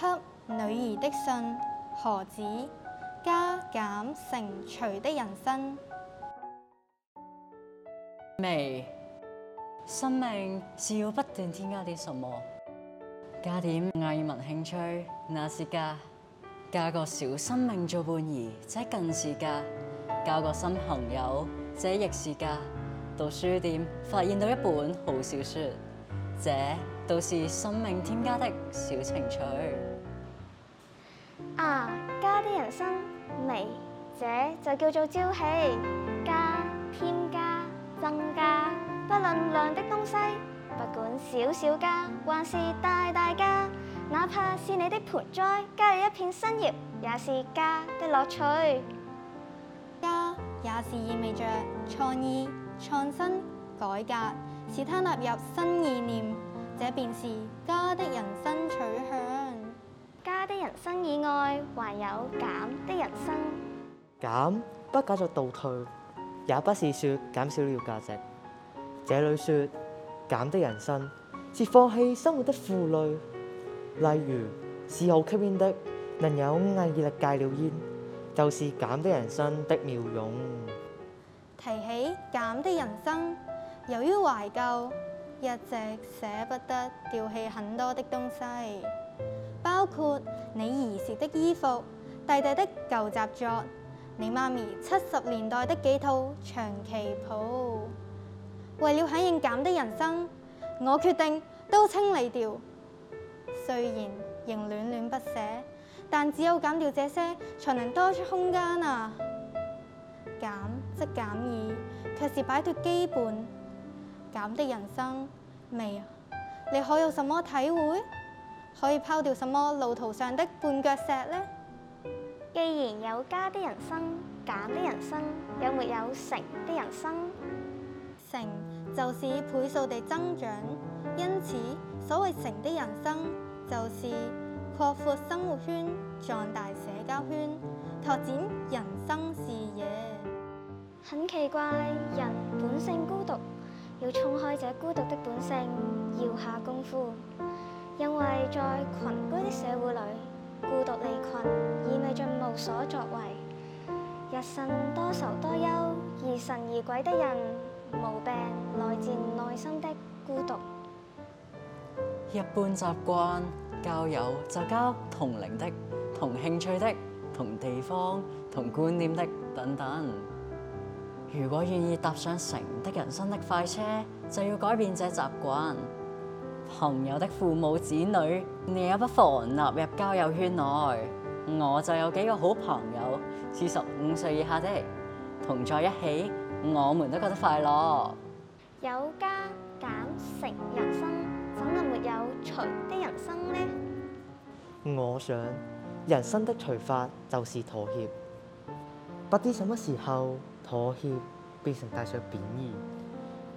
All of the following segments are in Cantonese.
給女兒的信，何止加減乘除的人生？微生命是要不斷添加啲什麼？加點藝文興趣，那是加；加個小生命做伴兒，這更是加；交個新朋友，這亦是加；到書店發現到一本好小説，這都是生命添加的小情趣啊！加啲人生味，這就叫做朝氣。加、添加、增加，不論量的東西，不管小小加還是大大加，哪怕是你的盆栽加了一片新葉，也是加的樂趣。加也是意味著創意、創新、改革，使它納入新意念。這便是加的人生取向。加的人生以外，還有減的人生。減不假作倒退，也不是說減少了價值。這裏說減的人生是放棄生活的負累。例如，嗜好吸煙的，能有毅力戒了煙，就是減的人生的妙用。提起減的人生，由於懷舊。一直捨不得丟棄很多的東西，包括你兒時的衣服、弟弟的舊習作、你媽咪七十年代的幾套長旗袍。為了響應減的人生，我決定都清理掉。雖然仍戀戀不捨，但只有減掉這些，才能多出空間啊！減即減矣，卻是擺脱基本。減的人生未啊？你可有什麼體會？可以拋掉什麼路途上的絆腳石呢？既然有加的人生、減的人生，有沒有乘的人生？乘就是倍數地增長，因此所謂乘的人生，就是擴闊生活圈、壯大社交圈、拓展人生視野。很奇怪，人本性孤獨。要沖開這孤獨的本性，要下功夫，因為在群居的社會裏，孤獨離群意味著無所作為，日神多愁多憂，疑神疑鬼的人，無病來自內心的孤獨。一般習慣交友就交同齡的、同興趣的、同地方、同觀念的等等。如果願意搭上成的人生的快車，就要改變這習慣。朋友的父母子女，你也不妨納入交友圈內。我就有幾個好朋友，四十五歲以下的，同在一起，我們都覺得快樂。有加減乘人生，怎能沒有除的人生呢？我想，人生的除法就是妥協。不知什麼時候妥協變成帶上貶義。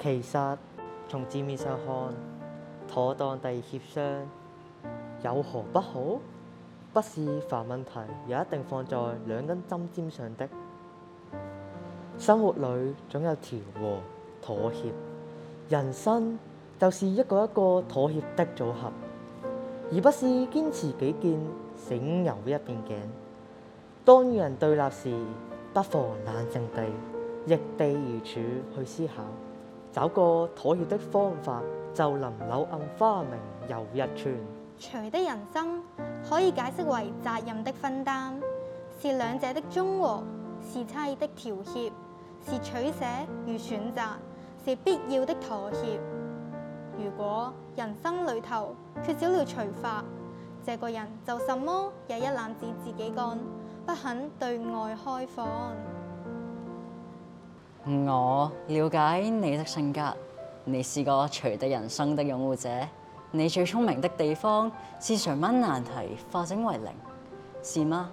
其實從字面上看，妥當地協商有何不好？不是凡問題，也一定放在兩根針尖上的生活裏總有調和妥協，人生就是一個一個妥協的組合，而不是堅持己見，整柔一邊頸。當與人對立時，不妨冷靜地易地而處去思考，找個妥協的方法，就能柳暗花明又一村。除的人生可以解釋為責任的分擔，是兩者的中和，是差異的調協，是取捨與選擇，是必要的妥協。如果人生裡頭缺少了除法，這個人就什麼也一攬子自己幹。不肯對外開放。我了解你的性格，你是個除的人生的擁護者。你最聰明的地方是將乜難題化整為零，是嗎？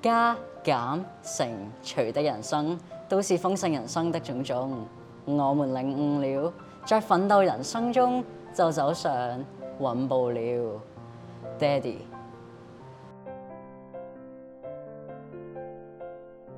加減乘除的人生都是豐盛人生的種種。我們領悟了，在奮鬥人生中就走上穩步了，爹哋。